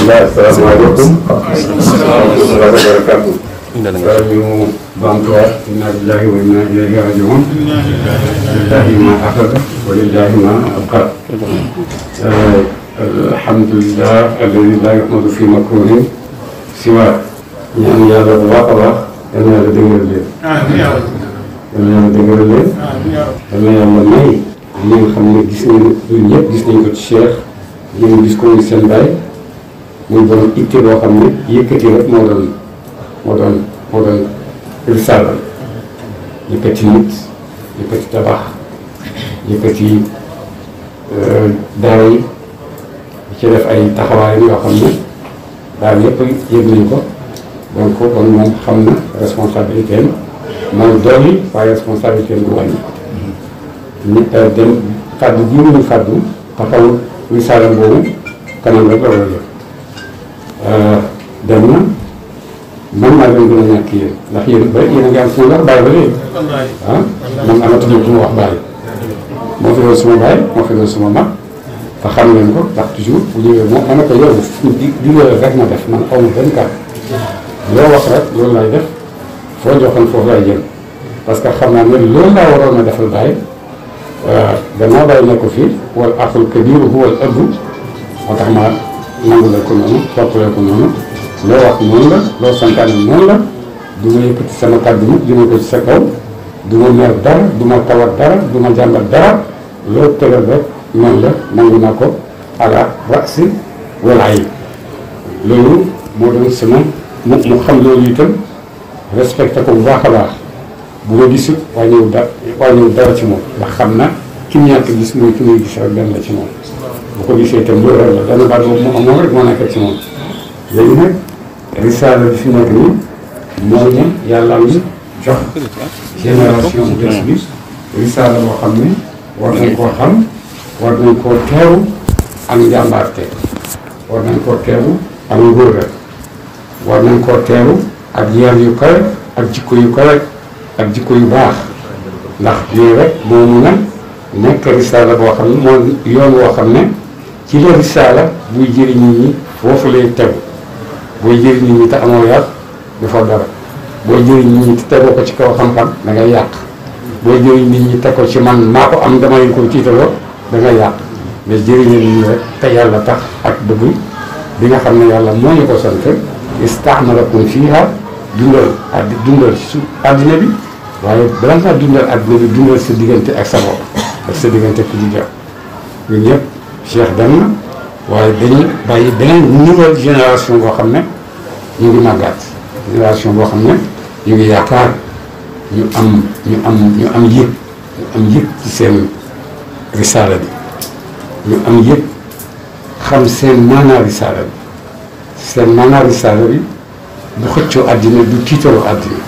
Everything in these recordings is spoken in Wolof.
bisimilah asalaamaaleykum. wa barakaatu. dara ñu bamtuwaat inna lillahi wa inna ilayhi rajiun. lillahi ma axada wa lillahi ma abqa. alhamdulilah alladi laa yuxmadu fi makruhin siwaa. ñaan yàlla bu baax a baax. yal na yàlla dëgëral leen. yal na yàlla dëgëral leen. yal na yàlla may. ñi nga xam ne gis nañu ñun ñëpp gis nañu ko ci Cheikh. ñu gis ko muy seen baay. muy borom itte boo xam ne yëkkati rek moo doon moo doon moo doon risaala yëkkati nit yëkkati tabax yëkkati euh, dara yi ci def ay taxawaayam yoo xam ne daal ñëpp yëg nañ ko donc kon moom xam na responsabilité am mooy dooli waaye responsabilité am du nit dem fàddu jiw ñu fàddu taxaw risaalam boobu kanam la war a Euh, dem na man maa leen gën a ñàkk yéen ndax yéen ba yéen a ngi am fu mu wax bàyyi ba léegi ah, ma fi doon sama bàyyi moo fi xam ngeen ko ndax toujours bu ñëwee ma ne ko di di rek ma def man aw ma benn kàddu loo wax rek loolu laay def foo joxoon foofu laay jëm parce que xam naa ne a defal bàyyi gannaaw euh, bàyyi nekk ko fii wala akul kabiru huwal ëpp moo ma. nangul la ko noonu toppale ko noonu loo wax noonu la loo santaane noonu la du ma yëkkati sama kàddu mukk ko sa kaw du ma mer dara du ma tawat dara du ma jàmbat dara loo tegal rek noonu la nangu naa ko ala rasi walaay loolu moo doon sama mu mu xam loolu itam respecté ko bu baax a baax bu ma gisut wàññiwul da wàññiwul dara ci moom ndax xam na ki mu ñàkk gis mooy ki muy gis rek benn la ci moom bu ko gisee itam loolu rek la benn baat boobu moo am moom rek moo nekk ci moom léegi nag risaala bi fi nekk nii mooy ne yàlla ñu jox génération bu bi risaala boo xam ne war nañ koo xam war nañ koo teew ak njàmbaarte war nañ koo teew ak ngóor rek war nañ koo teew ak yar yu kawe ak jikko yu kawe ak jikko yu baax ndax yooyu rek moo mun nekk risaala boo xam ne mooy yoon woo xam ne ci la risaala buy jëriñ ñi foofu lay tegu booy jëriñ nit ñi te amoo yar dafa dara booy jëriñ nit ñi te tegoo ko ci kaw xam-xam da booy jëriñ nit ñi teg ko ci man maa ko am damay ko tiitaloo da ngay yàq mais jëriñu ñi rek te yàlla tax ak dëgg bi nga xam ne yàlla moo ñu ko sant istaamalakum fiiha dundal addi dundal su addina bi waaye bala ngaa dundal addina bi dundal sa diggante ak sa bopp ak sa diggante ku ci jàpp ñun ñëpp Cheikh dem na waaye dañuy bàyyi beneen nouvelle génération boo xam ne ñu ngi màggaat génération boo xam ne ñu ngi yaakaar ñu am ñu am ñu am yëg ñu am yëg ci seen risaala bi ñu am yëpp xam seen maanaa risaala bi seen maanaa risaala bi bu xëccoo àddina du tiitaloo àddina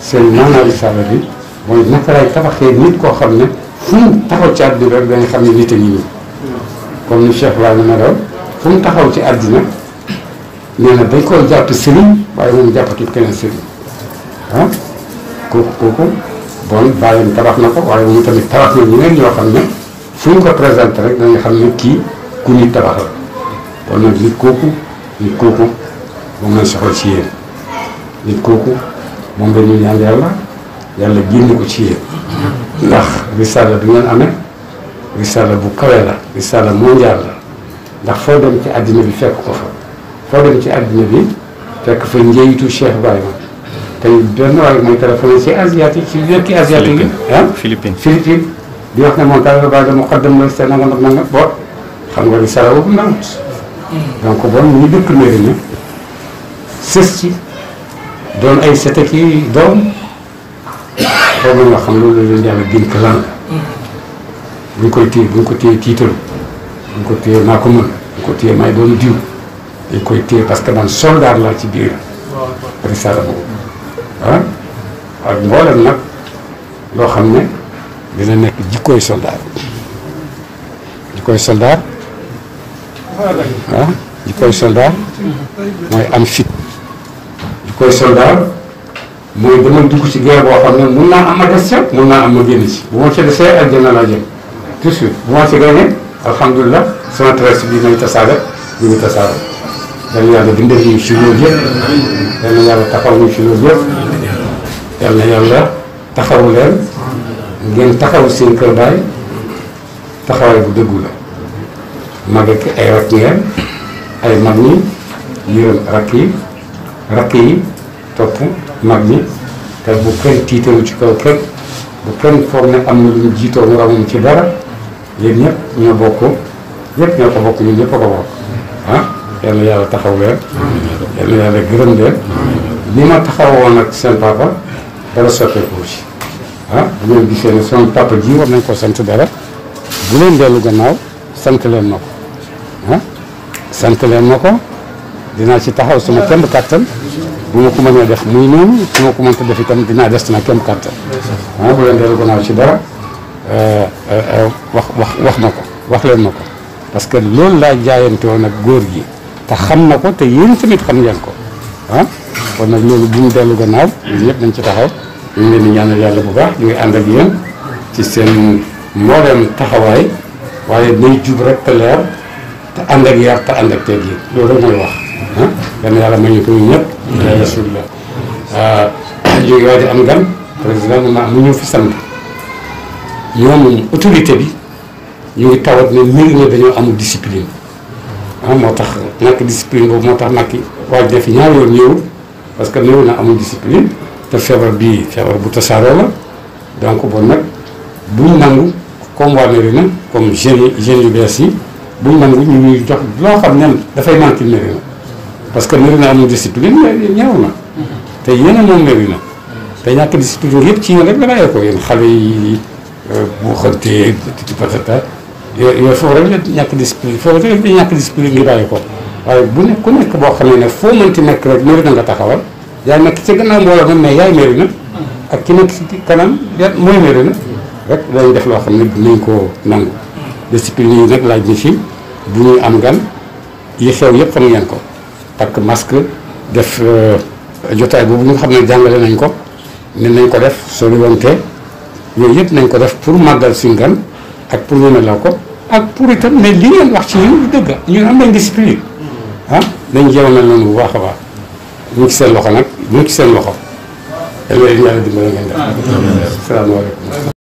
seen maanaa risaala bi mooy naka tabaxee nit koo xam ne fu mu taxaw ci àdduna rek dañu xam ne nit a ngi nii comme ni Cheikh Ibrahima meloon fu mu taxaw ci àddina nee dañ koo jàpp sëriñ waaye moom jàppatul keneen sëriñ ah, bon bàyyam tabax na ko waaye moom tamit tabax na ñeneen ñoo xam ne fu ñu ko présenté rek dañu xam ne kii ku nit tabax la kon nag nit kooku nit kooku moom lañ soxla ci yéen nit kooku moom la ñu ñaan yàlla yàlla génn ko ci yéen ndax risala bi ngeen amee risala bu kawe la risala mondial ndax foo dem ci àddina bi fekk ko fa foo dem ci àddina bi tekk fa njëyitu Cheikh Baye ma tey benn waaye mooy téléphoné ci asiatique ci lépp asiatique yi ah Philippines wax ne moom tawee la seen nangam ak nangam boo xam nga risala boobu nangut donc bon ñu dëkk Médina sës ay setaki doom xew loolu la leen yàlla dénk lan la bu koy téye bu ñu ko téye tiitalu bu ñu ko téye maa ko mën bu ñu ko téye maay doon diw dañ koy téye parce que man soldat laa ci biir risaala boobu ah ak nag loo xam ne dina nekk jikkooy soldat jikkooy soldat ah mooy am fit jikkooy soldat mooy dama dugg ci guerre boo xam ne mun naa am ma des ca mun naa am ma génn ci bu ma ci desee laa jëm tout suite bu ma ci gañee alhamdulilah sama traite bi nañ tasaare ñu ngi tasaare yal na yàlla dundal ñu ci loolu yëpp yal na yàlla taxaw ñu ci loolu yëpp yal na yàlla taxaw leen ngeen taxaw seen kër baay taxawaay bu dëggu la mag ak ay rakk ngeen ay mag ñi yërëm rakk yi rakk yi topp mag ñi te bu kenn tiitalu ci kaw kenn bu kenn foog am na lu ñu jiitoon ramuñ ci dara yéen ñëpp ñoo bokk yëpp ñoo ko bokk ñun ñëpp a ko bokk ah yal na yàlla taxaw leen yal na yàlla gërëm leen ni ma taxawoon ak seen papa dara soppeeku ci ah bu ngeen gisee ne sama papa ji war nañ ko sant dara bu leen dellu gannaaw sant leen ma ko ah sant leen ma ko dinaa ci taxaw sama kéem kattan bu ma ko mënee def muy noonu su ma ko mënta def itam dinaa des sama kéem kattan ah bu leen dellu gannaaw ci dara eh, eh, eh, wax wax wax na ko wax leen na ko parce que loolu laa jaayante woon ak góor gi te xam na ko te yéen tamit xam ngeen ko ah kon nag loolu bu mu dellu gannaaw ñun ñëpp nañ ci taxaw ñu ngi leen di ñaanal yàlla bu baax ñu ngi ànd ak yéen ci seen mbooleem taxawaay waaye nay jub rek te leer te ànd ak yar te ànd ak teggin loolu rek mooy wax ah yal yàlla may ñu ko ñun ñëpp. alhamdulilah. Ah, jóge waaye di am gan président mun naa am ñu fi sant ñoom bi ñu ngi tawat ne mbir mi dañoo amul discipline ah moo tax ñàkk discipline boobu moo tax nag waaj def ñaari yoon ñëwul parce que néew na amul discipline te feebar bi feebar bu tasaaroo la donc bon nag buñ nangu comme waa Mérina comme jeunes yi yu bees yi buñ nangu ñu ñuy jox loo xam ne dafay manqué Mérina parce que mbir na amul discipline ñaaw na te yéen moom mbir na te ñàkk discipline yëpp ci yéen rek la bàyyee ko yéen xale yi euh, bu yooyu foofu rek ñàkk discipline foofu rek la ko waaye bu nekk ku nekk boo xam ne foo mënti nekk rek mbir nga taxawal yaa nekk ci gannaaw mbooloo ma mais yaay mbir na ak ki nekk kanam ya mooy mbir rek dañ def loo xam ne dinañ ko nangu discipline yi nag laaj na fi bu ñuy am gan yi xew yëpp xam ngeen ko takk masque def euh, jotaay boobu ñu xam ne jàngale nañ ko ne nañ ko def soriwante yooyu yëpp nañ ko def pour màggal suñu gan ak pour ñu ne la ko ak pour itam ne li ngeen wax ci ñun du dëgg ñun am nañ discipline mm. ah nañ jéem na noonu bu baax a ñu ci seen loxo nag ñu ngi ci seen loxo. yàlla na leen yàlla dimbali ngeen def. salaamaaleykum.